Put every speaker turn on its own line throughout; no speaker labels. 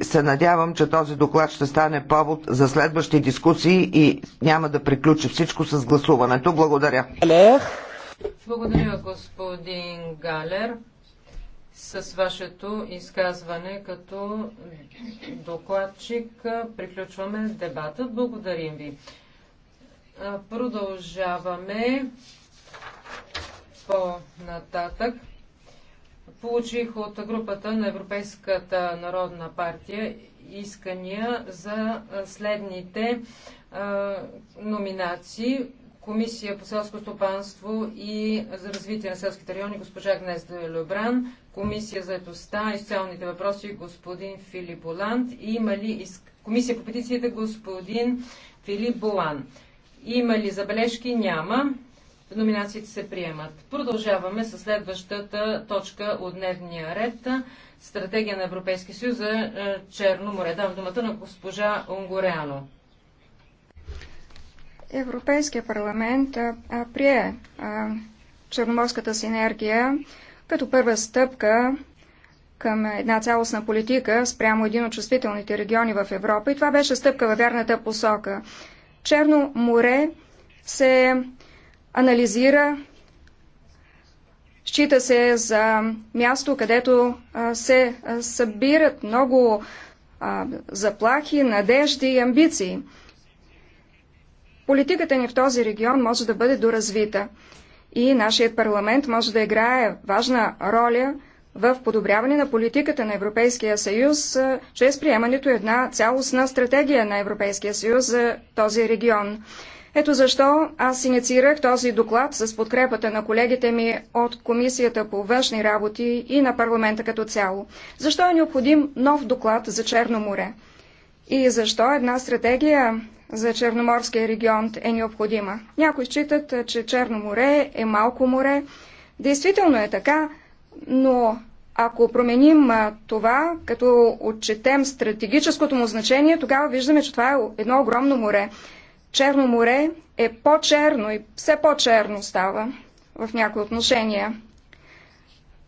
се надявам, че този доклад ще стане повод за следващи дискусии и няма да приключи всичко с гласуването. Благодаря.
Благодаря, господин Галер. С вашето изказване като докладчик приключваме дебата. Благодарим ви. Продължаваме по-нататък получих от групата на Европейската народна партия искания за следните номинации. Комисия по селско стопанство и за развитие на селските райони госпожа Гнезда Лебран, Комисия за етостта и социалните въпроси господин Филип Боланд и има ли иск... Комисия по петициите господин Филип Болан. Има ли забележки? Няма. Номинациите се приемат. Продължаваме с следващата точка от дневния ред. Стратегия на Европейския съюз за е, Черно море. Дам думата на госпожа Унгоряно.
Европейския парламент а, е, е, прие а, Черноморската синергия като първа стъпка към една цялостна политика спрямо един от чувствителните региони в Европа и това беше стъпка във вярната посока. Черно море се анализира, счита се за място, където се събират много заплахи, надежди и амбиции. Политиката ни в този регион може да бъде доразвита и нашият парламент може да играе важна роля в подобряване на политиката на Европейския съюз, чрез приемането една цялостна стратегия на Европейския съюз за този регион. Ето защо аз инициирах този доклад с подкрепата на колегите ми от Комисията по външни работи и на парламента като цяло. Защо е необходим нов доклад за Черно море? И защо една стратегия за Черноморския регион е необходима? Някои считат, че Черно море е малко море. Действително е така, но ако променим това, като отчетем стратегическото му значение, тогава виждаме, че това е едно огромно море. Черно море е по-черно и все по-черно става в някои отношения.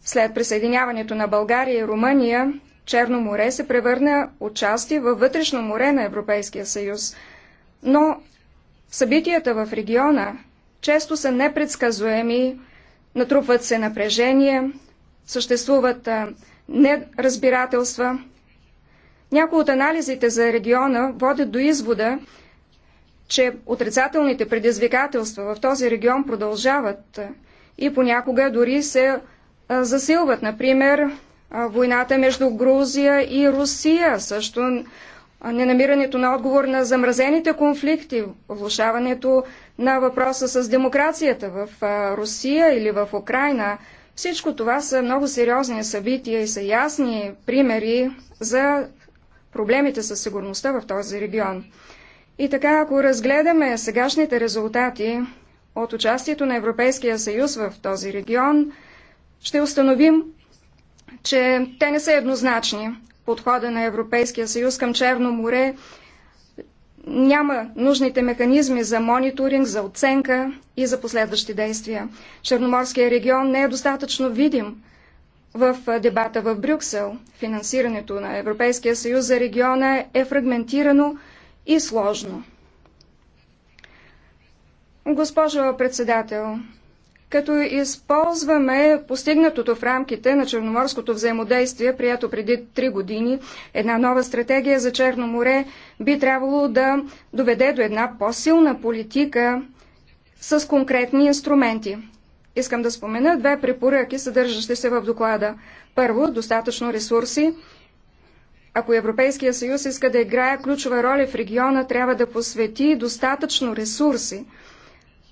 След присъединяването на България и Румъния, Черно море се превърна отчасти във вътрешно море на Европейския съюз. Но събитията в региона често са непредсказуеми, натрупват се напрежение, съществуват неразбирателства. Някои от анализите за региона водят до извода, че отрицателните предизвикателства в този регион продължават и понякога дори се засилват. Например, войната между Грузия и Русия, също ненамирането на отговор на замразените конфликти, влушаването на въпроса с демокрацията в Русия или в Украина. Всичко това са много сериозни събития и са ясни примери за проблемите със сигурността в този регион. И така, ако разгледаме сегашните резултати от участието на Европейския съюз в този регион, ще установим, че те не са еднозначни. Подхода на Европейския съюз към Черно море няма нужните механизми за мониторинг, за оценка и за последващи действия. Черноморския регион не е достатъчно видим в дебата в Брюксел. Финансирането на Европейския съюз за региона е фрагментирано, и сложно. Госпожо председател, като използваме постигнатото в рамките на черноморското взаимодействие, прието преди три години, една нова стратегия за Черно море би трябвало да доведе до една по-силна политика с конкретни инструменти. Искам да спомена две препоръки, съдържащи се в доклада. Първо, достатъчно ресурси. Ако Европейския съюз иска да играе ключова роля в региона, трябва да посвети достатъчно ресурси,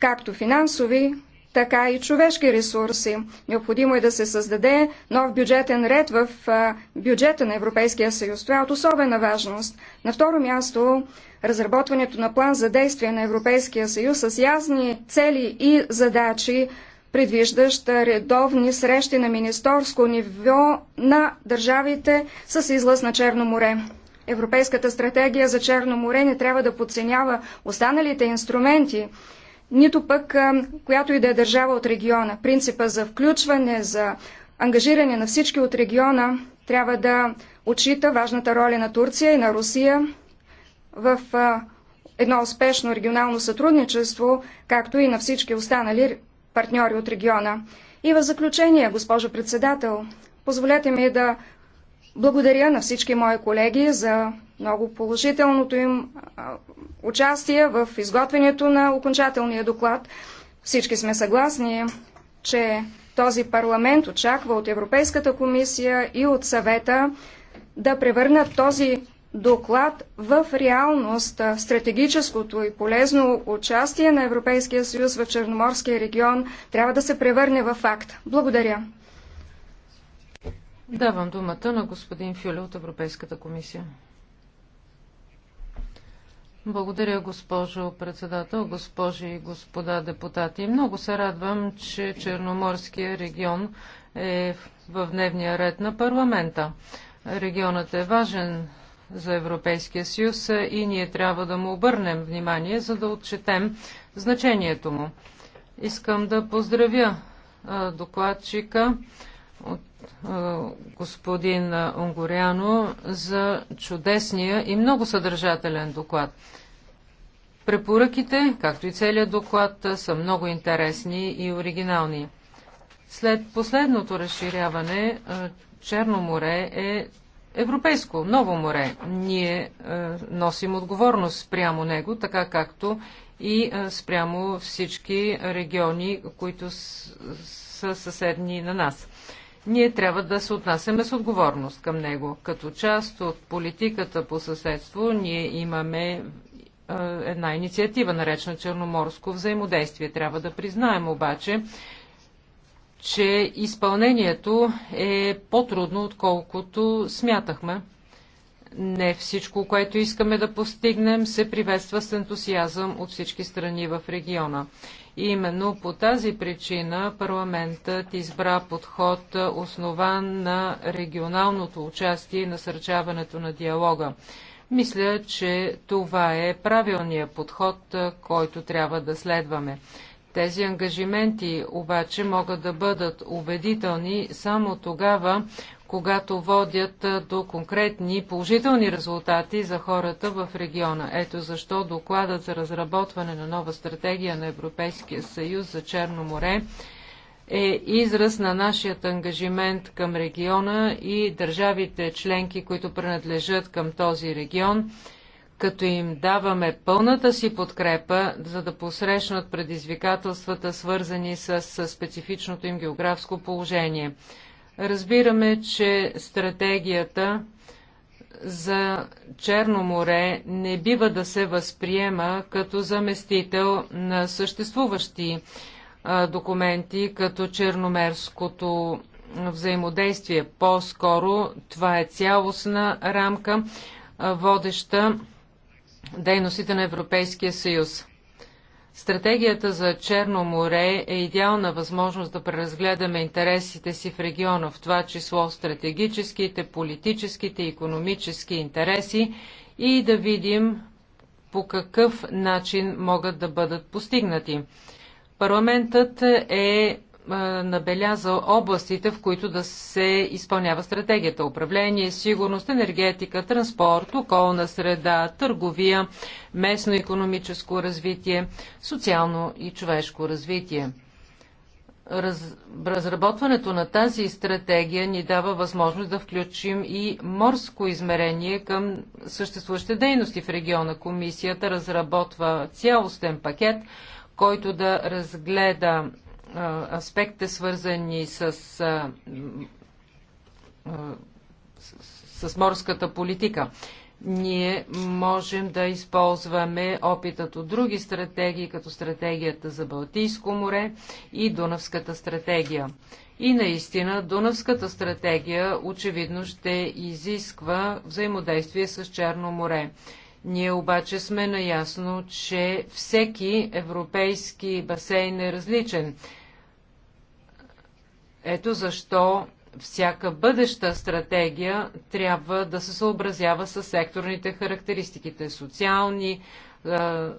както финансови, така и човешки ресурси. Необходимо е да се създаде нов бюджетен ред в бюджета на Европейския съюз. Това е от особена важност. На второ място, разработването на план за действие на Европейския съюз с ясни цели и задачи Предвиждаща редовни срещи на министорско ниво на държавите с излъз на Черно море. Европейската стратегия за Черно море не трябва да подценява останалите инструменти, нито пък която и да е държава от региона. Принципа за включване, за ангажиране на всички от региона трябва да отчита важната роля на Турция и на Русия в едно успешно регионално сътрудничество, както и на всички останали партньори от региона. И в заключение, госпожо председател, позволете ми да благодаря на всички мои колеги за много положителното им участие в изготвянето на окончателния доклад. Всички сме съгласни, че този парламент очаква от Европейската комисия и от съвета да превърнат този доклад в реалност стратегическото и полезно участие на Европейския съюз в Черноморския регион трябва да се превърне в факт. Благодаря.
Давам думата на господин Фюле от Европейската комисия. Благодаря, госпожо председател, госпожи и господа депутати. Много се радвам, че Черноморския регион е в дневния ред на парламента. Регионът е важен за Европейския съюз и ние трябва да му обърнем внимание, за да отчетем значението му. Искам да поздравя докладчика от господин Унгоряно за чудесния и много съдържателен доклад. Препоръките, както и целият доклад, са много интересни и оригинални. След последното разширяване Черно море е европейско, ново море. Ние е, носим отговорност спрямо него, така както и е, спрямо всички региони, които са съседни на нас. Ние трябва да се отнасяме с отговорност към него. Като част от политиката по съседство, ние имаме е, една инициатива, наречена Черноморско взаимодействие. Трябва да признаем обаче, че изпълнението е по-трудно, отколкото смятахме. Не всичко, което искаме да постигнем, се приветства с ентусиазъм от всички страни в региона. И именно по тази причина парламентът избра подход основан на регионалното участие и насърчаването на диалога. Мисля, че това е правилният подход, който трябва да следваме. Тези ангажименти обаче могат да бъдат убедителни само тогава, когато водят до конкретни положителни резултати за хората в региона. Ето защо докладът за разработване на нова стратегия на Европейския съюз за Черно море е израз на нашият ангажимент към региона и държавите членки, които принадлежат към този регион като им даваме пълната си подкрепа, за да посрещнат предизвикателствата, свързани с, с специфичното им географско положение. Разбираме, че стратегията за Черно море не бива да се възприема като заместител на съществуващи а, документи, като черномерското взаимодействие. По-скоро това е цялостна рамка, а, водеща дейностите на Европейския съюз. Стратегията за Черно море е идеална възможност да преразгледаме интересите си в региона, в това число стратегическите, политическите, економически интереси и да видим по какъв начин могат да бъдат постигнати. Парламентът е набеляза областите, в които да се изпълнява стратегията. Управление, сигурност, енергетика, транспорт, околна среда, търговия, местно економическо развитие, социално и човешко развитие. Раз... Разработването на тази стратегия ни дава възможност да включим и морско измерение към съществуващите дейности в региона. Комисията разработва цялостен пакет, който да разгледа аспектите, свързани с, с, с морската политика. Ние можем да използваме опитът от други стратегии, като стратегията за Балтийско море и Дунавската стратегия. И наистина Дунавската стратегия очевидно ще изисква взаимодействие с Черно море. Ние обаче сме наясно, че всеки европейски басейн е различен. Ето защо всяка бъдеща стратегия трябва да се съобразява с секторните характеристиките социални, е,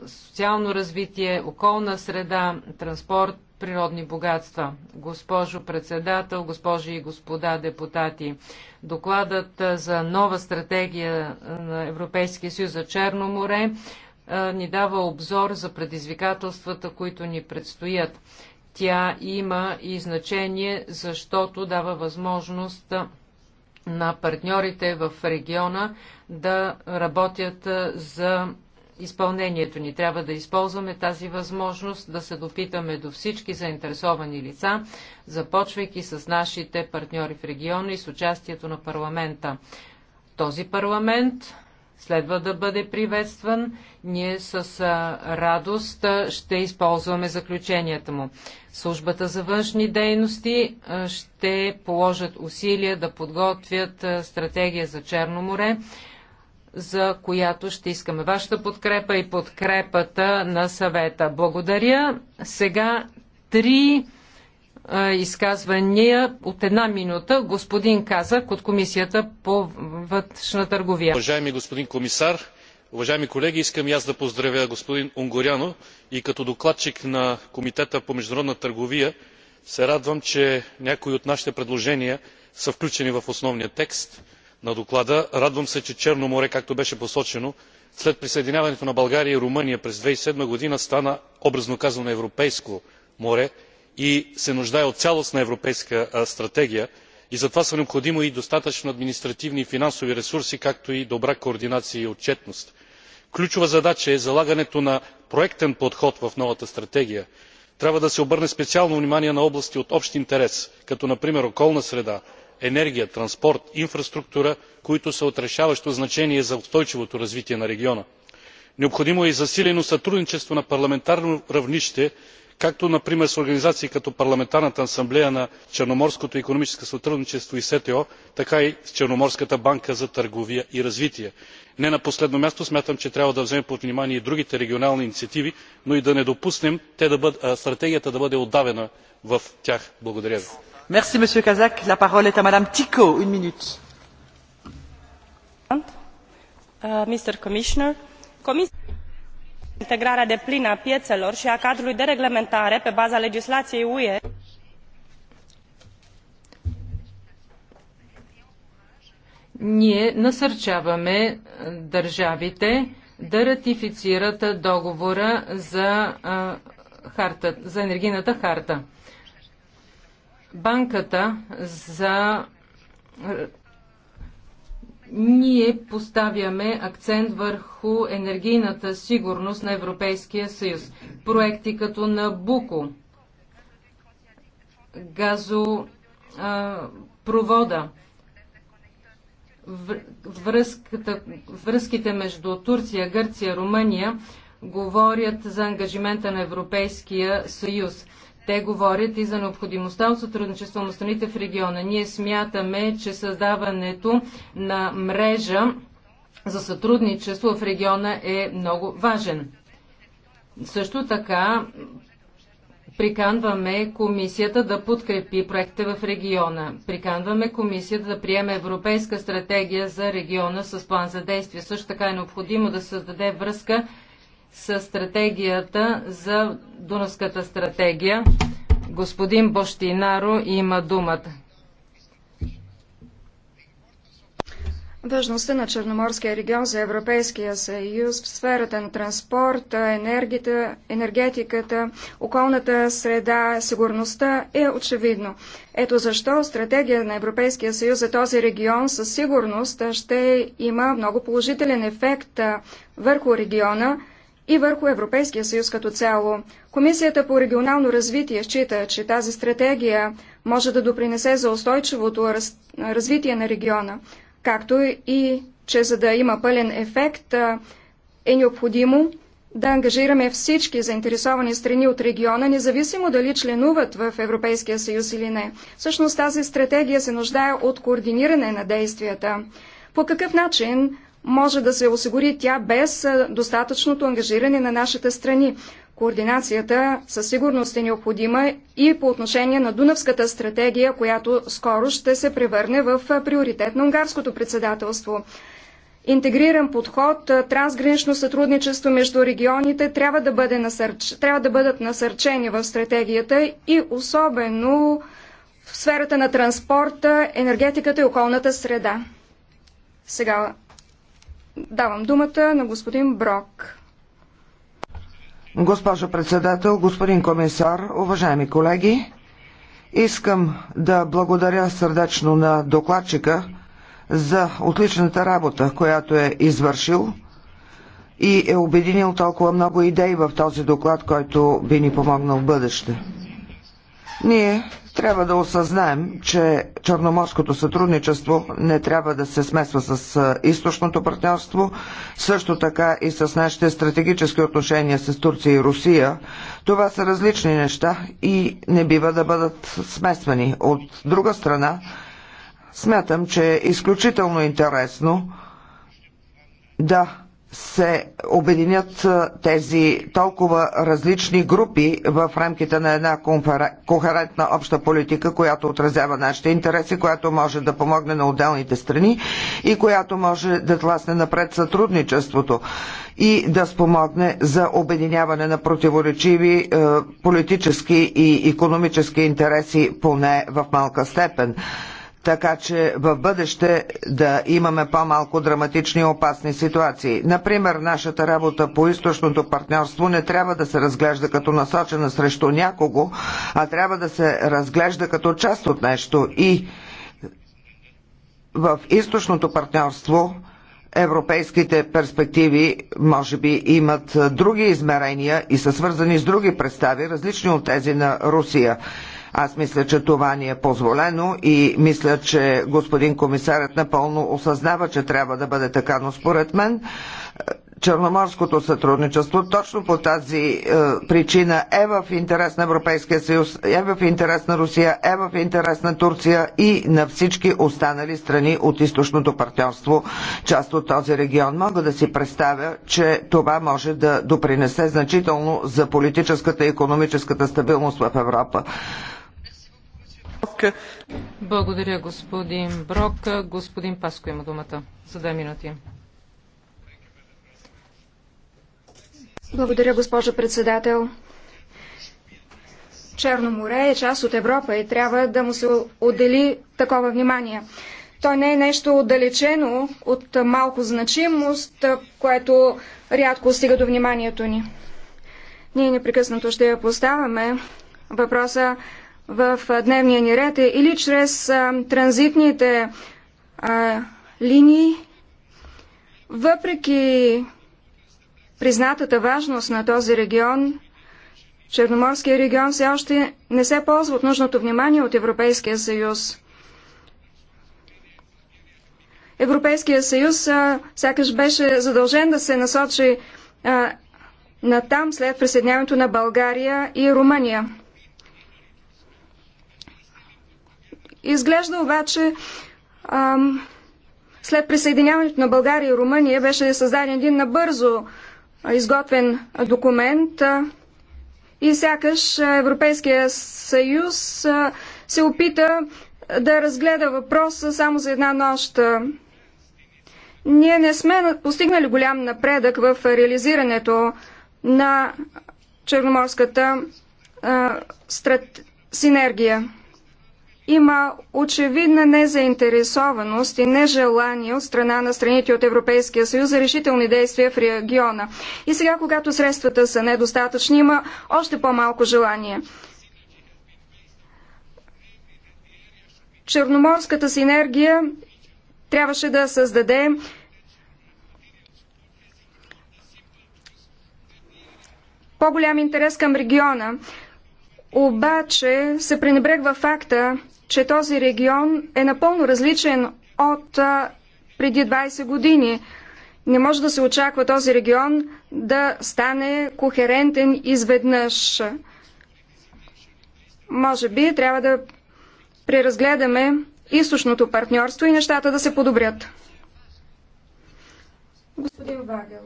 социално развитие, околна среда, транспорт, природни богатства. Госпожо председател, госпожи и господа депутати, докладът е, за нова стратегия е, на Европейския съюз за Черно море ни дава обзор за предизвикателствата, които ни предстоят. Тя има и значение, защото дава възможност на партньорите в региона да работят за изпълнението ни. Трябва да използваме тази възможност да се допитаме до всички заинтересовани лица, започвайки с нашите партньори в региона и с участието на парламента. Този парламент следва да бъде приветстван. Ние с радост ще използваме заключенията му. Службата за външни дейности ще положат усилия да подготвят стратегия за Черно море, за която ще искаме вашата подкрепа и подкрепата на съвета. Благодаря. Сега три е, изказвания от една минута. Господин Казак от Комисията по вътрешна търговия.
Уважаеми господин комисар, уважаеми колеги, искам и аз да поздравя господин Унгоряно и като докладчик на Комитета по международна търговия се радвам, че някои от нашите предложения са включени в основния текст на доклада. Радвам се, че Черно море, както беше посочено, след присъединяването на България и Румъния през 2007 година стана образно казано европейско море и се нуждае от цялостна европейска стратегия и затова са необходими и достатъчно административни и финансови ресурси както и добра координация и отчетност. ключова задача е залагането на проектен подход в новата стратегия. трябва да се обърне специално внимание на области от общ интерес като например околна среда енергия транспорт инфраструктура които са от решаващо значение за устойчивото развитие на региона. необходимо е и засилено сътрудничество на парламентарно равнище както например с организации като парламентарната асамблея на черноморското икономическо сътрудничество и сто така и с черноморската банка за търговия и развитие. не на последно място смятам че трябва да вземем под внимание и другите регионални инициативи но и да не допуснем стратегията да бъде удавена в тях. благодаря ви
integrarea deplină a pieelor i a cadrului de reglementare pe baza legislaiei ue ние насърчаваме държавите да ратифицират договора за, харта, за енергийната харта. Банката за ние поставяме акцент върху енергийната сигурност на Европейския съюз. Проекти като Набуко, газопровода, връзката, връзките между Турция, Гърция, Румъния говорят за ангажимента на Европейския съюз. Те говорят и за необходимостта от сътрудничество на страните в региона. Ние смятаме, че създаването на мрежа за сътрудничество в региона е много важен. Също така приканваме комисията да подкрепи проекта в региона. Приканваме комисията да приеме европейска стратегия за региона с план за действие. Също така е необходимо да създаде връзка със стратегията за Дунавската стратегия. Господин Бощинаро има думата.
Важността на Черноморския регион за Европейския съюз в сферата на транспорта, енергията, енергетиката, околната среда, сигурността е очевидно. Ето защо стратегия на Европейския съюз за този регион със сигурност ще има много положителен ефект върху региона, и върху Европейския съюз като цяло. Комисията по регионално развитие счита, че тази стратегия може да допринесе за устойчивото раз... развитие на региона, както и че за да има пълен ефект е необходимо да ангажираме всички заинтересовани страни от региона, независимо дали членуват в Европейския съюз или не. Всъщност тази стратегия се нуждае от координиране на действията. По какъв начин може да се осигури тя без достатъчното ангажиране на нашите страни. Координацията със сигурност е необходима и по отношение на Дунавската стратегия, която скоро ще се превърне в приоритет на унгарското председателство. Интегриран подход, трансгранично сътрудничество между регионите трябва да, бъде насърч... трябва да бъдат насърчени в стратегията и особено в сферата на транспорта, енергетиката и околната среда. Сега Давам думата на господин Брок.
Госпожо председател, господин комисар, уважаеми колеги, искам да благодаря сърдечно на докладчика за отличната работа, която е извършил и е обединил толкова много идеи в този доклад, който би ни помогнал в бъдеще. Ние трябва да осъзнаем, че черноморското сътрудничество не трябва да се смесва с източното партньорство, също така и с нашите стратегически отношения с Турция и Русия. Това са различни неща и не бива да бъдат смесвани. От друга страна, смятам, че е изключително интересно да се обединят тези толкова различни групи в рамките на една кохерентна обща политика, която отразява нашите интереси, която може да помогне на отделните страни и която може да тласне напред сътрудничеството и да спомогне за обединяване на противоречиви е, политически и економически интереси, поне в малка степен така че в бъдеще да имаме по-малко драматични и опасни ситуации. Например, нашата работа по източното партньорство не трябва да се разглежда като насочена срещу някого, а трябва да се разглежда като част от нещо и в източното партньорство европейските перспективи може би имат други измерения и са свързани с други представи, различни от тези на Русия. Аз мисля, че това ни е позволено и мисля, че господин комисарът напълно осъзнава, че трябва да бъде така, но според мен е, Черноморското сътрудничество точно по тази е, причина е в интерес на Европейския съюз, е в интерес на Русия, е в интерес на Турция и на всички останали страни от източното партньорство, част от този регион. Мога да си представя, че това може да допринесе значително за политическата и економическата стабилност в Европа.
Благодаря, господин Брок. Господин Паско има думата за две минути.
Благодаря, госпожо председател. Черно море е част от Европа и трябва да му се отдели такова внимание. Той не е нещо отдалечено от малко значимост, което рядко стига до вниманието ни. Ние непрекъснато ще я поставяме въпроса в дневния ни ред е или чрез а, транзитните а, линии, въпреки признатата важност на този регион, Черноморския регион все още не се ползва от нужното внимание от Европейския съюз. Европейския съюз а, сякаш беше задължен да се насочи а, на там след присъединяването на България и Румъния. Изглежда обаче ам, след присъединяването на България и Румъния беше създаден един набързо изготвен документ и сякаш Европейския съюз се опита да разгледа въпроса само за една нощ. Ние не сме постигнали голям напредък в реализирането на Черноморската а, страт... синергия има очевидна незаинтересованост и нежелание от страна на страните от Европейския съюз за решителни действия в региона. И сега, когато средствата са недостатъчни, има още по-малко желание. Черноморската синергия трябваше да създаде по-голям интерес към региона. Обаче се пренебрегва факта, че този регион е напълно различен от преди 20 години. Не може да се очаква този регион да стане кохерентен изведнъж. Може би трябва да преразгледаме източното партньорство и нещата да се подобрят. Господин Вагел.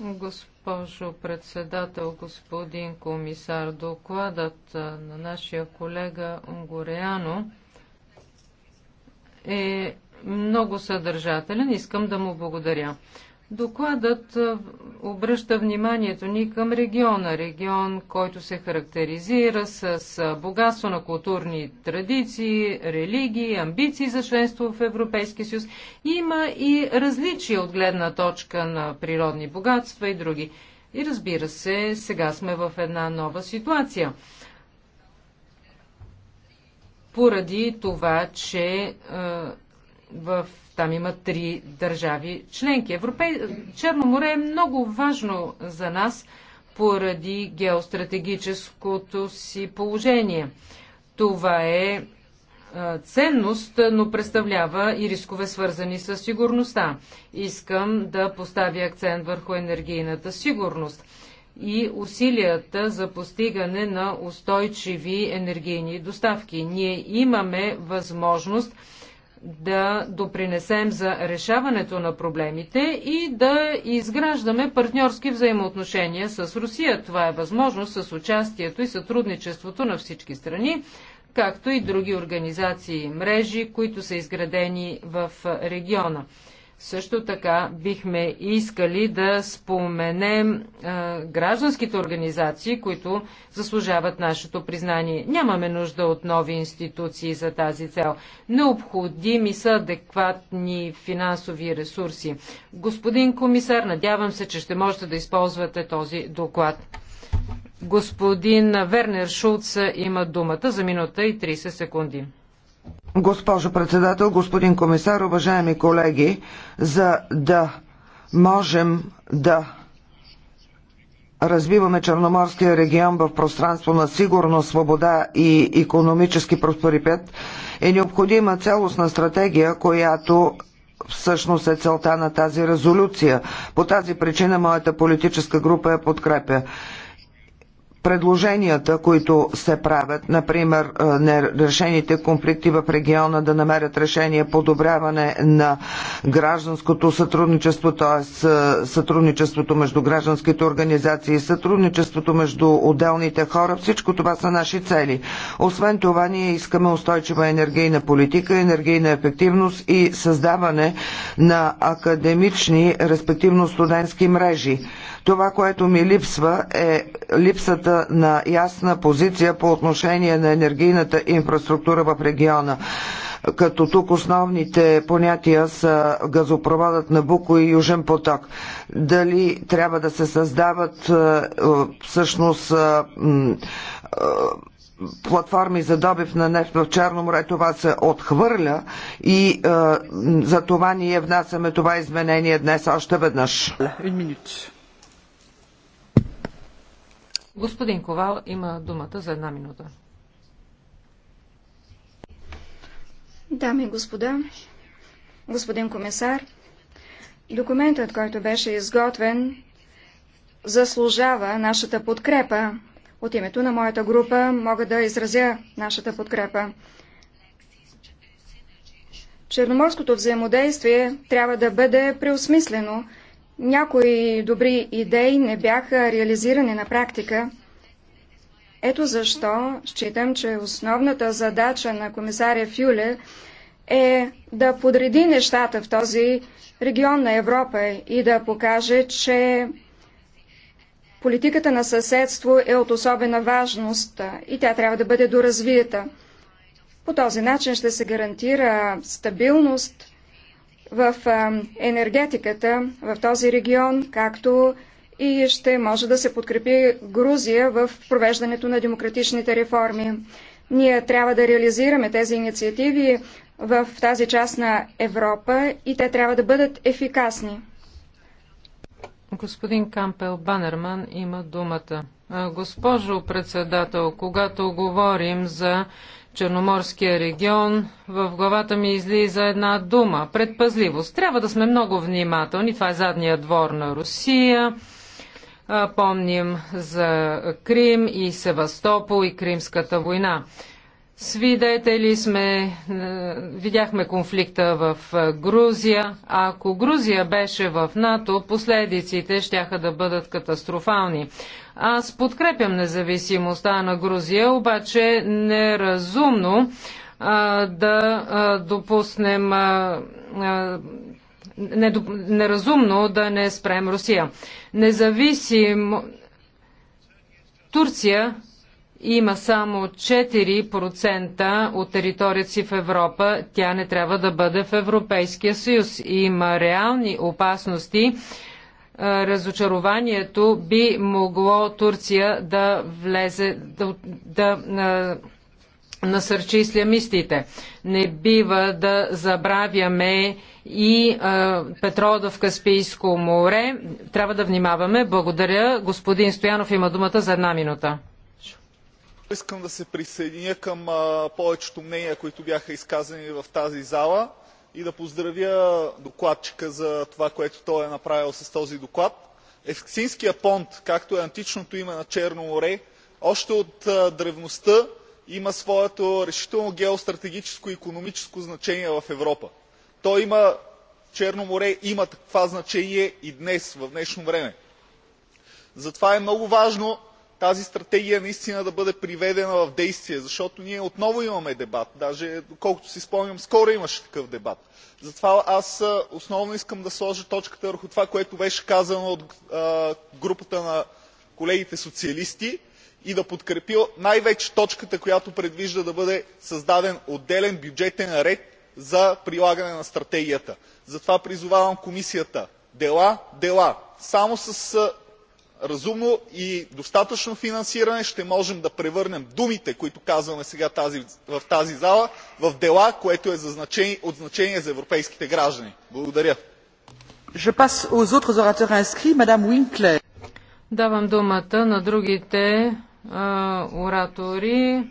Госпожо
председател, господин комисар, докладът на нашия колега Унгоряно е много съдържателен. Искам да му благодаря. Докладът обръща вниманието ни към региона, регион, който се характеризира с богатство на културни традиции, религии, амбиции за членство в Европейския съюз. Има и различия от гледна точка на природни богатства и други. И разбира се, сега сме в една нова ситуация. Поради това, че в там има три държави членки. Европей... Черно море е много важно за нас поради геостратегическото си положение. Това е ценност, но представлява и рискове свързани с сигурността. Искам да поставя акцент върху енергийната сигурност и усилията за постигане на устойчиви енергийни доставки. Ние имаме възможност да допринесем за решаването на проблемите и да изграждаме партньорски взаимоотношения с Русия. Това е възможно с участието и сътрудничеството на всички страни, както и други организации и мрежи, които са изградени в региона. Също така бихме искали да споменем а, гражданските организации, които заслужават нашето признание. Нямаме нужда от нови институции за тази цел. Необходими са адекватни финансови ресурси. Господин комисар, надявам се, че ще можете да използвате този доклад. Господин Вернер Шулц има думата за минута и 30 секунди.
Госпожо председател, господин комисар, уважаеми колеги, за да можем да развиваме Черноморския регион в пространство на сигурност, свобода и економически просперитет, е необходима цялостна стратегия, която всъщност е целта на тази резолюция. По тази причина моята политическа група я подкрепя предложенията, които се правят, например е, нерешените конфликти в региона да намерят решение подобряване на гражданското сътрудничество, т.е. Е, сътрудничеството между гражданските организации, сътрудничеството между отделните хора, всичко това са наши цели. Освен това, ние искаме устойчива енергийна политика, енергийна ефективност и създаване на академични, респективно студентски мрежи. Това, което ми липсва е липсата на ясна позиция по отношение на енергийната инфраструктура в региона като тук основните понятия са газопроводът на Буко и Южен поток. Дали трябва да се създават е, всъщност е, е, платформи за добив на нефт в Черно море, това се отхвърля и за това ние внасяме това изменение днес още веднъж. Една минута.
Господин Ковал има думата за една минута.
Дами и господа, господин комисар, документът, който беше изготвен, заслужава нашата подкрепа. От името на моята група мога да изразя нашата подкрепа. Черноморското взаимодействие трябва да бъде преосмислено, някои добри идеи не бяха реализирани на практика. Ето защо считам, че основната задача на комисаря Фюле е да подреди нещата в този регион на Европа и да покаже, че политиката на съседство е от особена важност и тя трябва да бъде доразвита. По този начин ще се гарантира стабилност в енергетиката в този регион, както и ще може да се подкрепи Грузия в провеждането на демократичните реформи. Ние трябва да реализираме тези инициативи в тази част на Европа и те трябва да бъдат ефикасни.
Господин Кампел Банерман има думата. Госпожо председател, когато говорим за Черноморския регион, в главата ми излиза една дума – предпазливост. Трябва да сме много внимателни. Това е задния двор на Русия. Помним за Крим и Севастопол и Кримската война. Свидетели сме, е, видяхме конфликта в е, Грузия. Ако Грузия беше в НАТО, последиците щяха да бъдат катастрофални. Аз подкрепям независимостта на Грузия, обаче неразумно а, е, да а, допуснем. А, а, неразумно да не спрем Русия. Независимо. Турция има само 4% от територията си в Европа, тя не трябва да бъде в Европейския съюз. Има реални опасности. Разочарованието би могло Турция да влезе, да, да насърчи ислямистите. Не бива да забравяме и а, петрода в Каспийско море. Трябва да внимаваме. Благодаря. Господин Стоянов има думата за една минута
искам да се присъединя към повечето мнения които бяха изказани в тази зала и да поздравя докладчика за това което той е направил с този доклад. евксинският понт както е античното име на черно море още от древността има своето решително геостратегическо и икономическо значение в европа. черно море има това значение и днес в днешно време. затова е много важно тази стратегия наистина да бъде приведена в действие защото ние отново имаме дебат даже доколкото си спомням скоро имаше такъв дебат. затова аз основно искам да сложа точката върху това което беше казано от групата на колегите социалисти и да подкрепя най вече точката която предвижда да бъде създаден отделен бюджетен ред за прилагане на стратегията. затова призовавам комисията дела дела! само с разумно и достатъчно финансиране ще можем да превърнем думите, които казваме сега в тази зала, в дела, което е от значение за европейските граждани. Благодаря.
Давам думата на другите оратори.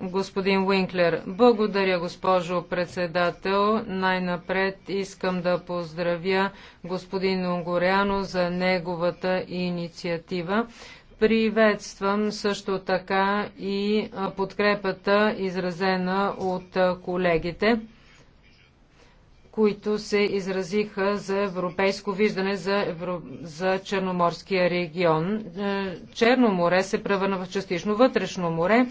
Господин Уинклер, благодаря, госпожо председател. Най-напред искам да поздравя господин Унгоряно за неговата инициатива. Приветствам също така и подкрепата, изразена от колегите, които се изразиха за европейско виждане за, Евро... за Черноморския регион. Е, Черно море се превърна в частично вътрешно море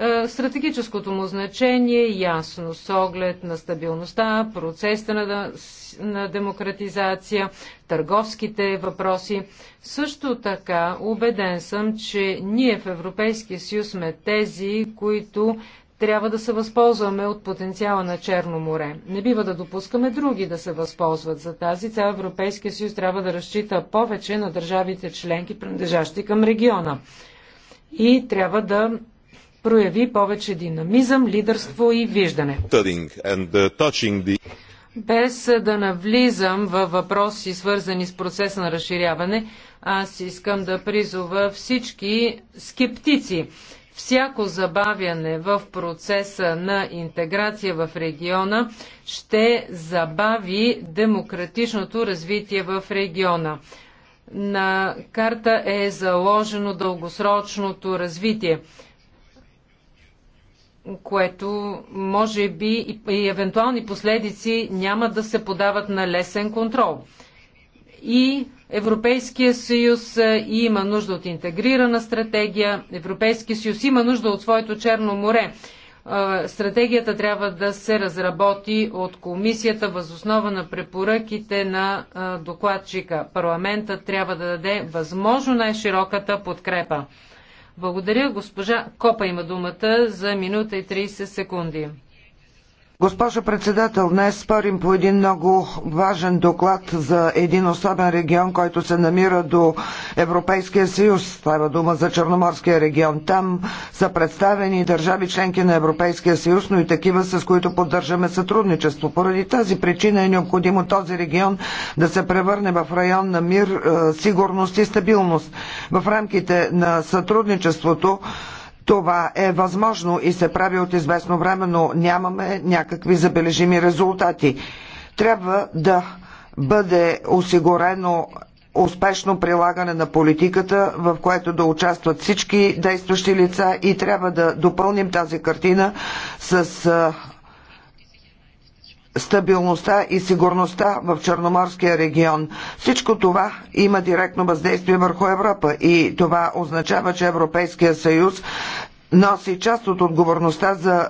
е, стратегическото му значение е ясно с оглед на стабилността, процеса на, на демократизация, търговските въпроси. Също така, убеден съм, че ние в Европейския съюз сме тези, които трябва да се възползваме от потенциала на Черно море. Не бива да допускаме други да се възползват за тази цел. Европейския съюз трябва да разчита повече на държавите членки, принадлежащи към региона. И трябва да прояви повече динамизъм, лидерство и виждане.
Uh,
Без да навлизам във въпроси, свързани с процеса на разширяване, аз искам да призова всички скептици. Всяко забавяне в процеса на интеграция в региона ще забави демократичното развитие в региона. На карта е заложено дългосрочното развитие което може би и евентуални последици няма да се подават на лесен контрол. И Европейския съюз е, има нужда от интегрирана стратегия, Европейския съюз има нужда от своето Черно море. Е, стратегията трябва да се разработи от комисията възоснова на препоръките на е, докладчика. Парламентът трябва да даде възможно най-широката подкрепа. Благодаря. Госпожа Копа има думата за минута и 30 секунди.
Госпожо председател, днес спорим по един много важен доклад за един особен регион, който се намира до Европейския съюз. Става дума за Черноморския регион. Там са представени държави членки на Европейския съюз, но и такива, с които поддържаме сътрудничество. Поради тази причина е необходимо този регион да се превърне в район на мир, е, сигурност и стабилност. В рамките на сътрудничеството това е възможно и се прави от известно време, но нямаме някакви забележими резултати. Трябва да бъде осигурено успешно прилагане на политиката, в което да участват всички действащи лица и трябва да допълним тази картина с стабилността и сигурността в Черноморския регион. Всичко това има директно въздействие върху Европа и това означава, че Европейския съюз носи част от отговорността за е,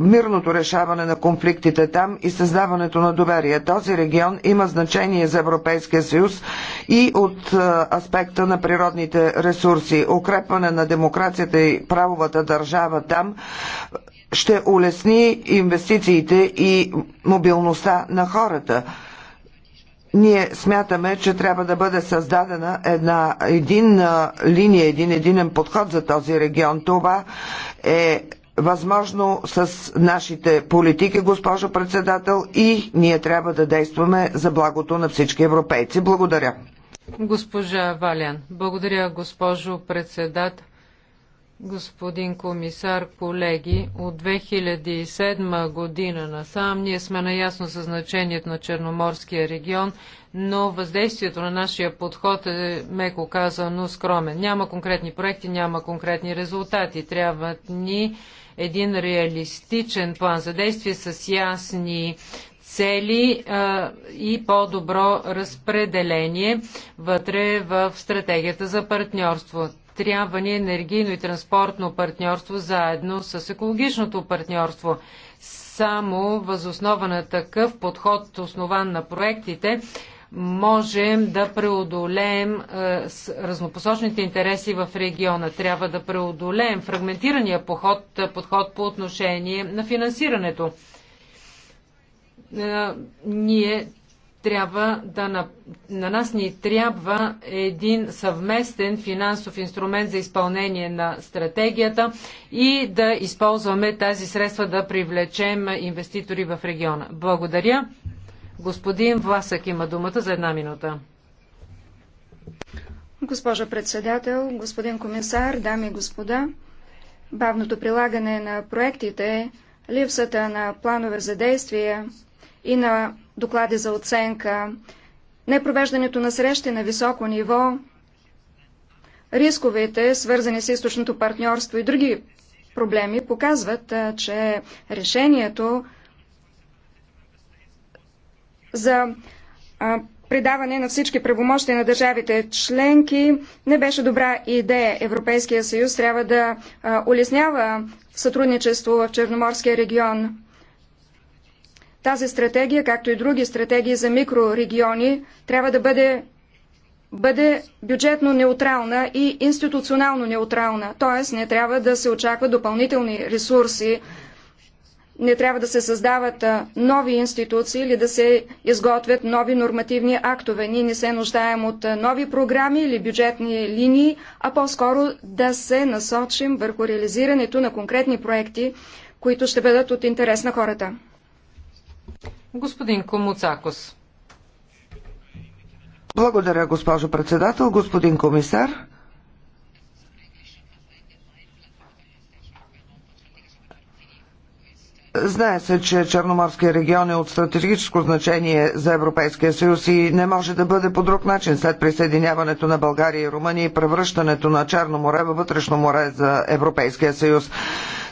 мирното решаване на конфликтите там и създаването на доверие. Този регион има значение за Европейския съюз и от е, аспекта на природните ресурси. Укрепване на демокрацията и правовата държава там ще улесни инвестициите и мобилността на хората ние смятаме, че трябва да бъде създадена една единна линия, един единен подход за този регион. Това е възможно с нашите политики, госпожо председател, и ние трябва да действаме за благото на всички европейци. Благодаря.
Госпожа Валян, благодаря, госпожо председател господин комисар, колеги, от 2007 година насам ние сме наясно със значението на Черноморския регион, но въздействието на нашия подход е, меко казано, скромен. Няма конкретни проекти, няма конкретни резултати. Трябва ни един реалистичен план за действие с ясни цели а, и по-добро разпределение вътре в стратегията за партньорство трябва ни енергийно и транспортно партньорство заедно с екологичното партньорство. Само възоснова на такъв подход, основан на проектите, можем да преодолеем е, разнопосочните интереси в региона. Трябва да преодолеем фрагментирания подход, подход по отношение на финансирането. Е, ние трябва да на, на нас ни трябва един съвместен финансов инструмент за изпълнение на стратегията и да използваме тази средства да привлечем инвеститори в региона. Благодаря. Господин Власък има думата за една минута.
Госпожа председател, господин комисар, дами и господа, бавното прилагане на проектите, липсата на планове за действие и на доклади за оценка, непровеждането на срещи на високо ниво, рисковете, свързани с източното партньорство и други проблеми, показват, че решението за предаване на всички правомощи на държавите членки не беше добра идея. Европейския съюз трябва да улеснява сътрудничество в Черноморския регион. Тази стратегия, както и други стратегии за микрорегиони, трябва да бъде, бъде бюджетно неутрална и институционално неутрална. Т.е. не трябва да се очакват допълнителни ресурси, не трябва да се създават нови институции или да се изготвят нови нормативни актове. Ние не се нуждаем от нови програми или бюджетни линии, а по-скоро да се насочим върху реализирането на конкретни проекти, които ще бъдат от интерес на хората.
Господин Комуцакос.
Благодаря, госпожо председател, господин комисар. Знае се, че Черноморския регион е от стратегическо значение за Европейския съюз и не може да бъде по друг начин след присъединяването на България и Румъния и превръщането на Черно море във вътрешно море за Европейския съюз.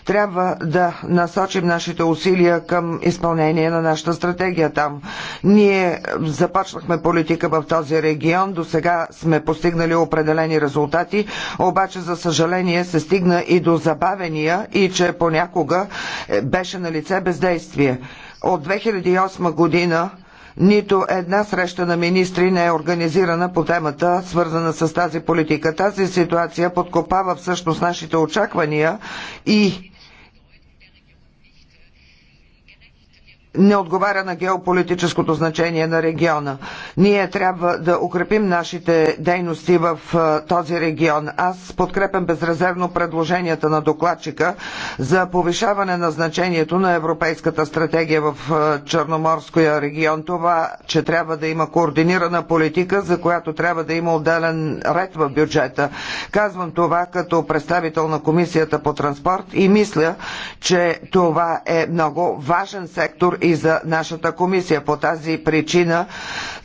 Трябва да насочим нашите усилия към изпълнение на нашата стратегия там. Ние започнахме политика в този регион, до сега сме постигнали определени резултати, обаче за съжаление се стигна и до забавения и че понякога беше на лице бездействие. От 2008 година нито една среща на министри не е организирана по темата, свързана с тази политика. Тази ситуация подкопава всъщност нашите очаквания и не отговаря на геополитическото значение на региона. Ние трябва да укрепим нашите дейности в този регион. Аз подкрепям безрезервно предложенията на докладчика за повишаване на значението на Европейската стратегия в Черноморския регион. Това, че трябва да има координирана политика, за която трябва да има отделен ред в бюджета. Казвам това като представител на Комисията по транспорт и мисля, че това е много важен сектор и за нашата комисия. По тази причина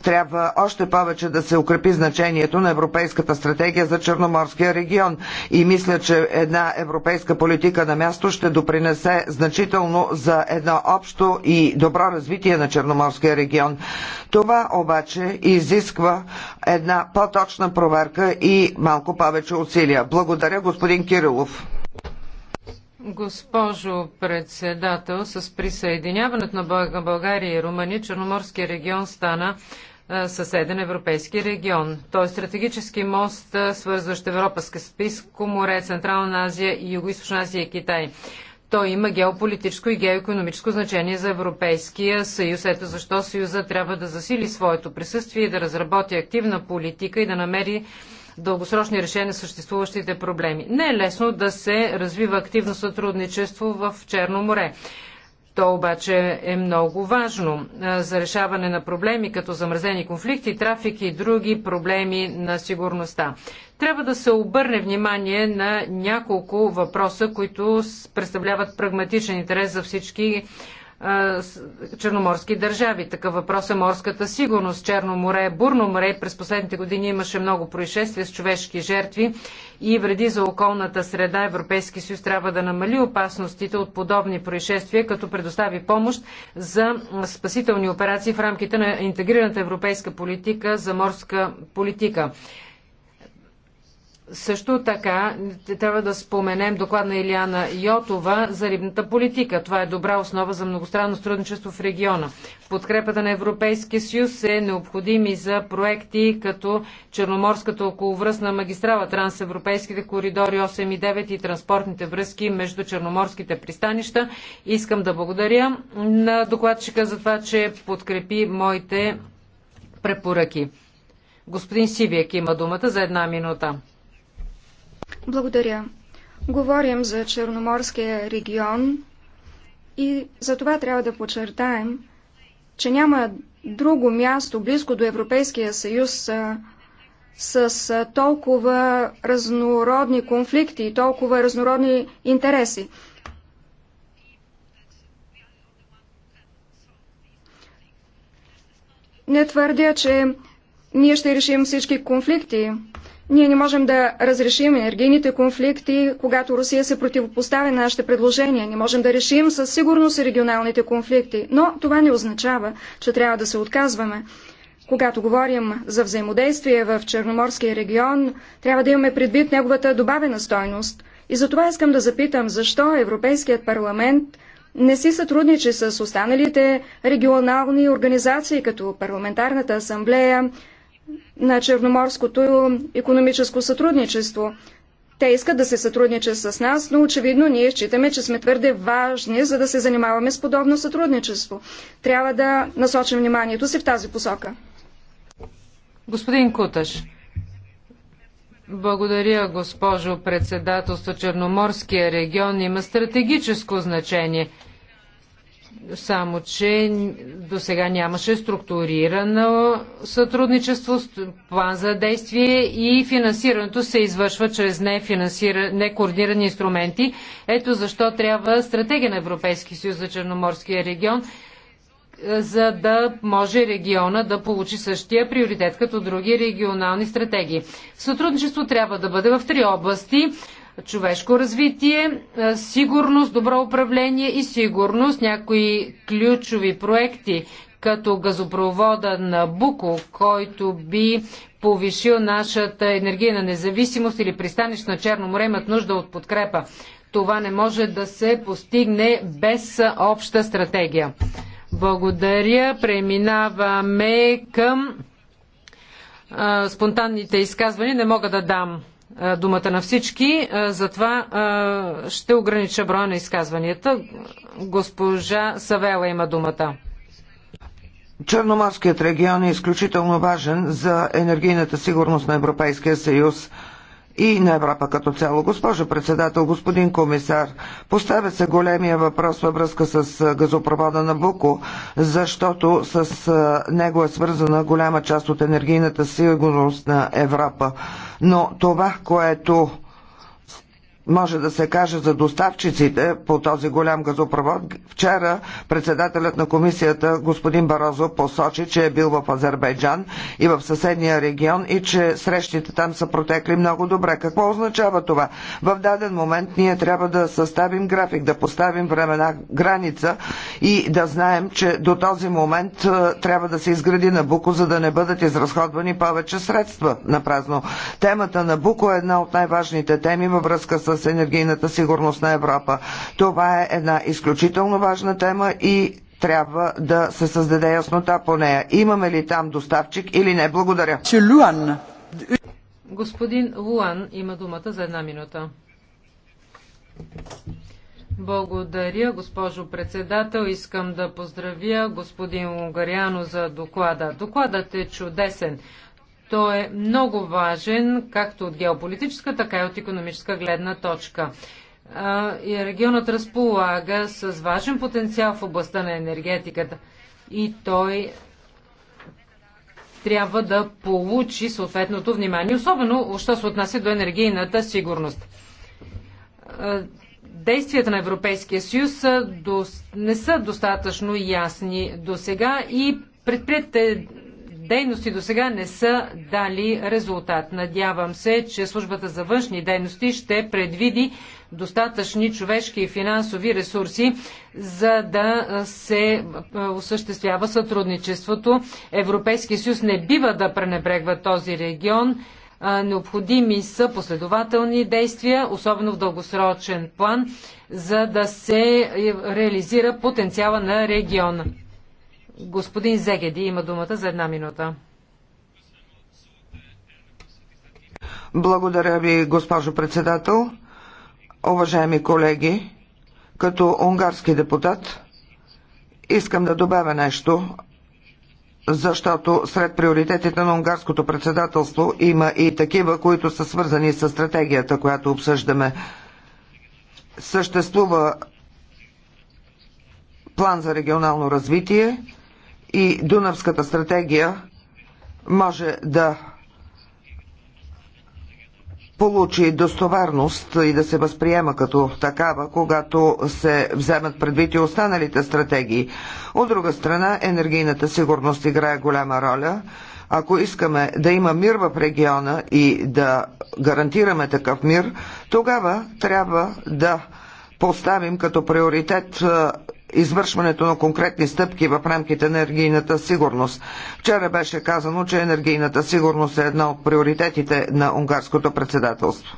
трябва още повече да се укрепи значението на Европейската стратегия за Черноморския регион. И мисля, че една европейска политика на място ще допринесе значително за едно общо и добро развитие на Черноморския регион. Това обаче изисква една по-точна проверка и малко повече усилия. Благодаря, господин Кирилов.
Госпожо председател, с присъединяването на България и Румъния, Черноморския регион стана съседен европейски регион. Той е стратегически мост, свързващ Европа с Каспийско море, Централна Азия и Юго-Источна Азия и Китай. Той има геополитическо и геоекономическо значение за Европейския съюз. Ето защо Съюза трябва да засили своето присъствие, и да разработи активна политика и да намери дългосрочни решения на съществуващите проблеми. Не е лесно да се развива активно сътрудничество в Черно море. То обаче е много важно за решаване на проблеми като замразени конфликти, трафик и други проблеми на сигурността. Трябва да се обърне внимание на няколко въпроса, които представляват прагматичен интерес за всички черноморски държави. Такъв въпрос е морската сигурност. Черно море, е Бурно море през последните години имаше много происшествия с човешки жертви и вреди за околната среда. Европейски съюз трябва да намали опасностите от подобни происшествия, като предостави помощ за спасителни операции в рамките на интегрираната европейска политика за морска политика. Също така трябва да споменем доклад на Илиана Йотова за рибната политика. Това е добра основа за многостранно сътрудничество в региона. Подкрепата на Европейския съюз е необходими за проекти като Черноморската околовръстна магистрала, трансевропейските коридори 8 и 9 и транспортните връзки между черноморските пристанища. Искам да благодаря на докладчика за това, че подкрепи моите препоръки. Господин Сивиек има думата за една минута.
Благодаря. Говорим за Черноморския регион и за това трябва да подчертаем, че няма друго място близко до Европейския съюз с, с толкова разнородни конфликти и толкова разнородни интереси. Не твърдя, че ние ще решим всички конфликти, ние не можем да разрешим енергийните конфликти, когато Русия се противопоставя на нашите предложения. Не можем да решим със сигурност регионалните конфликти. Но това не означава, че трябва да се отказваме. Когато говорим за взаимодействие в Черноморския регион, трябва да имаме предвид неговата добавена стойност. И затова искам да запитам, защо Европейският парламент не си сътрудничи с останалите регионални организации, като Парламентарната асамблея, на черноморското економическо сътрудничество. Те искат да се сътрудничат с нас, но очевидно ние считаме, че сме твърде важни, за да се занимаваме с подобно сътрудничество. Трябва да насочим вниманието си в тази посока.
Господин Куташ, благодаря, госпожо председателство. Черноморския регион има стратегическо значение – само, че до сега нямаше структурирано сътрудничество, план за действие и финансирането се извършва чрез некоординирани инструменти. Ето защо трябва стратегия на Европейски съюз за Черноморския регион, е, за да може региона да получи същия приоритет като други регионални стратегии. Сътрудничество трябва да бъде в три области човешко развитие, е, сигурност, добро управление и сигурност. Някои ключови проекти, като газопровода на Буко, който би повишил нашата енергийна независимост или пристанищ на Черно море имат нужда от подкрепа. Това не може да се постигне без обща стратегия. Благодаря. Преминаваме към а, спонтанните изказвания. Не мога да дам думата на всички, затова ще огранича броя на изказванията. Госпожа Савела има думата.
Черноморският регион е изключително важен за енергийната сигурност на Европейския съюз и на Европа като цяло. Госпожо председател, господин комисар, поставя се големия въпрос във връзка с газопровода на Буко, защото с него е свързана голяма част от енергийната сигурност на Европа. Но това, което може да се каже за доставчиците по този голям газопровод. Вчера председателят на комисията господин Барозо посочи, че е бил в Азербайджан и в съседния регион и че срещите там са протекли много добре. Какво означава това? В даден момент ние трябва да съставим график, да поставим времена граница и да знаем, че до този момент е, трябва да се изгради Набуко, за да не бъдат изразходвани повече средства на празно. Темата на Набуко е една от най-важните теми във връзка с с енергийната сигурност на Европа. Това е една изключително важна тема и трябва да се създаде яснота по нея. Имаме ли там доставчик или не? Благодаря.
Господин Луан има думата за една минута. Благодаря, госпожо председател. Искам да поздравя господин Унгаряно за доклада. Докладът е чудесен. Той е много важен, както от геополитическа, така и от економическа гледна точка. И регионът разполага с важен потенциал в областта на енергетиката и той трябва да получи съответното внимание, особено, що се отнася до енергийната сигурност действията на Европейския съюз не са достатъчно ясни до сега и предприятите дейности до сега не са дали резултат. Надявам се, че службата за външни дейности ще предвиди достатъчни човешки и финансови ресурси, за да се е, осъществява сътрудничеството. Европейския съюз не бива да пренебрегва този регион. Е, необходими са последователни действия, особено в дългосрочен план, за да се е, реализира потенциала на региона. Господин Зегеди има думата за една минута.
Благодаря ви, госпожо председател. Уважаеми колеги, като унгарски депутат искам да добавя нещо, защото сред приоритетите на унгарското председателство има и такива, които са свързани с стратегията, която обсъждаме. Съществува план за регионално развитие, и Дунавската стратегия може да получи достоверност и да се възприема като такава, когато се вземат предвид и останалите стратегии. От друга страна, енергийната сигурност играе голяма роля. Ако искаме да има мир в региона и да гарантираме такъв мир, тогава трябва да поставим като приоритет извършването на конкретни стъпки в рамките на енергийната сигурност. Вчера беше казано, че енергийната сигурност е една от приоритетите на унгарското председателство.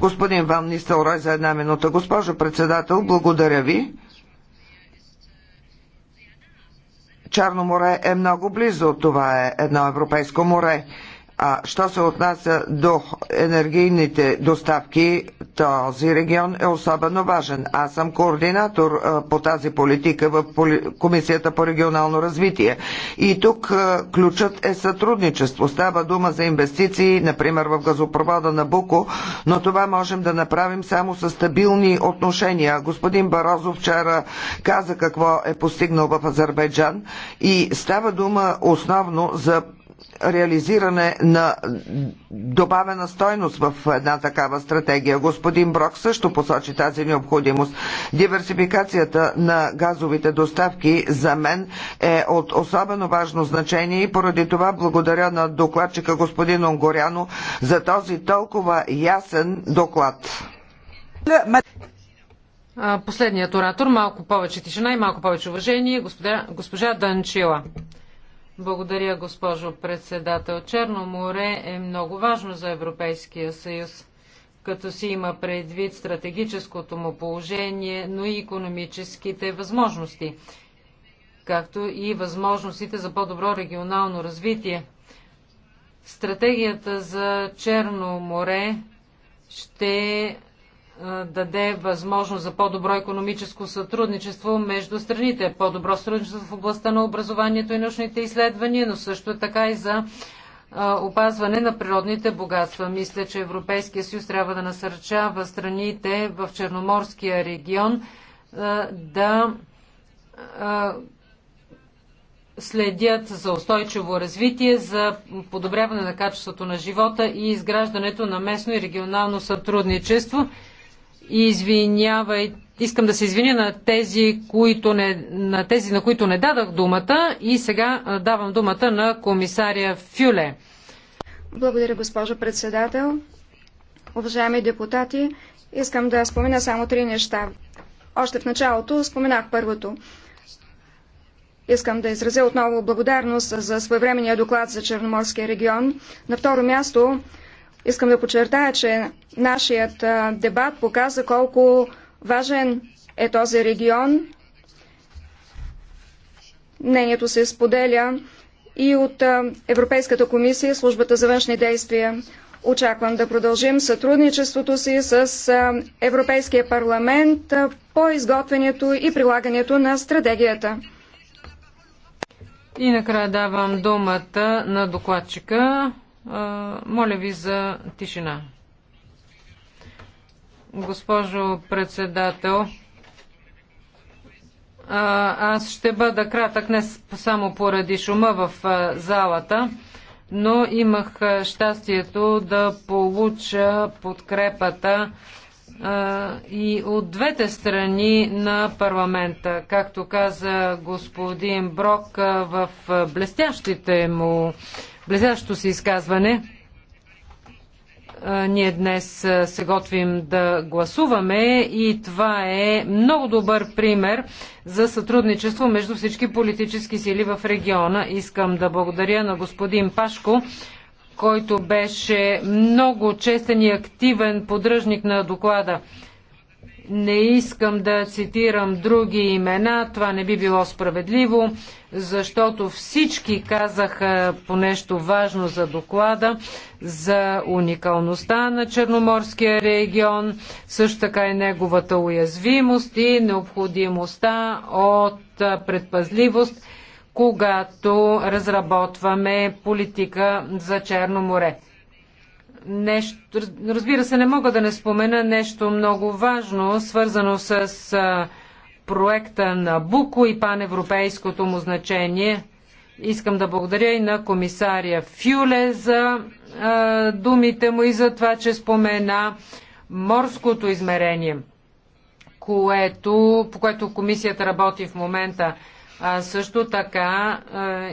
Господин Ван Нистелрой за една минута. Госпожо председател, благодаря ви. Чарно море е много близо. Това е едно европейско море. А що се отнася до енергийните доставки, този регион е особено важен. Аз съм координатор по тази политика в Комисията по регионално развитие. И тук ключът е сътрудничество. Става дума за инвестиции, например в газопровода на Буко, но това можем да направим само с стабилни отношения. Господин Барозов вчера каза какво е постигнал в Азербайджан и става дума основно за реализиране на добавена стойност в една такава стратегия. Господин Брок също посочи тази необходимост. Диверсификацията на газовите доставки за мен е от особено важно значение и поради това благодаря на докладчика господин Онгоряно за този толкова ясен доклад.
Последният оратор, малко повече тишина и малко повече уважение, госпожа Данчила. Благодаря, госпожо председател. Черно море е много важно за Европейския съюз, като си има предвид стратегическото му положение, но и економическите възможности, както и възможностите за по-добро регионално развитие. Стратегията за Черно море ще даде възможност за по-добро економическо сътрудничество между страните, по-добро сътрудничество в областта на образованието и научните изследвания, но също така и за опазване на природните богатства. Мисля, че Европейския съюз трябва да насърчава страните в Черноморския регион да следят за устойчиво развитие, за подобряване на качеството на живота и изграждането на местно и регионално сътрудничество извинявай, искам да се извиня на тези, които не, на тези, на които не дадах думата и сега давам думата на комисаря Фюле.
Благодаря, госпожо председател. Уважаеми депутати, искам да спомена само три неща. Още в началото споменах първото. Искам да изразя отново благодарност за своевременния доклад за Черноморския регион. На второ място Искам да подчертая, че нашият дебат показа колко важен е този регион. Мнението се споделя и от Европейската комисия, службата за външни действия. Очаквам да продължим сътрудничеството си с Европейския парламент по изготвянето и прилагането на стратегията.
И накрая давам думата на докладчика моля ви за тишина. Госпожо председател, аз ще бъда кратък не само поради шума в залата, но имах щастието да получа подкрепата и от двете страни на парламента. Както каза господин Брок в блестящите му Близящо се изказване. Ние днес се готвим да гласуваме и това е много добър пример за сътрудничество между всички политически сили в региона. Искам да благодаря на господин Пашко, който беше много честен и активен поддръжник на доклада. Не искам да цитирам други имена, това не би било справедливо, защото всички казаха по нещо важно за доклада, за уникалността на Черноморския регион, също така и неговата уязвимост и необходимостта от предпазливост, когато разработваме политика за Черно море нещо, разбира се, не мога да не спомена нещо много важно, свързано с проекта на Буко и паневропейското му значение. Искам да благодаря и на комисария Фюле за а, думите му и за това, че спомена морското измерение, което, по което комисията работи в момента а също така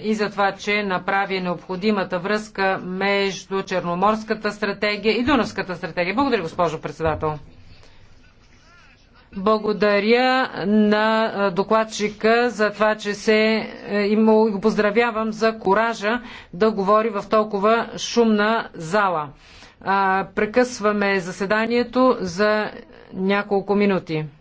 и за това, че направи необходимата връзка между Черноморската стратегия и Дунавската стратегия. Благодаря, госпожо председател. Благодаря на докладчика за това, че се е, и го поздравявам за коража да говори в толкова шумна зала. Прекъсваме заседанието за няколко минути.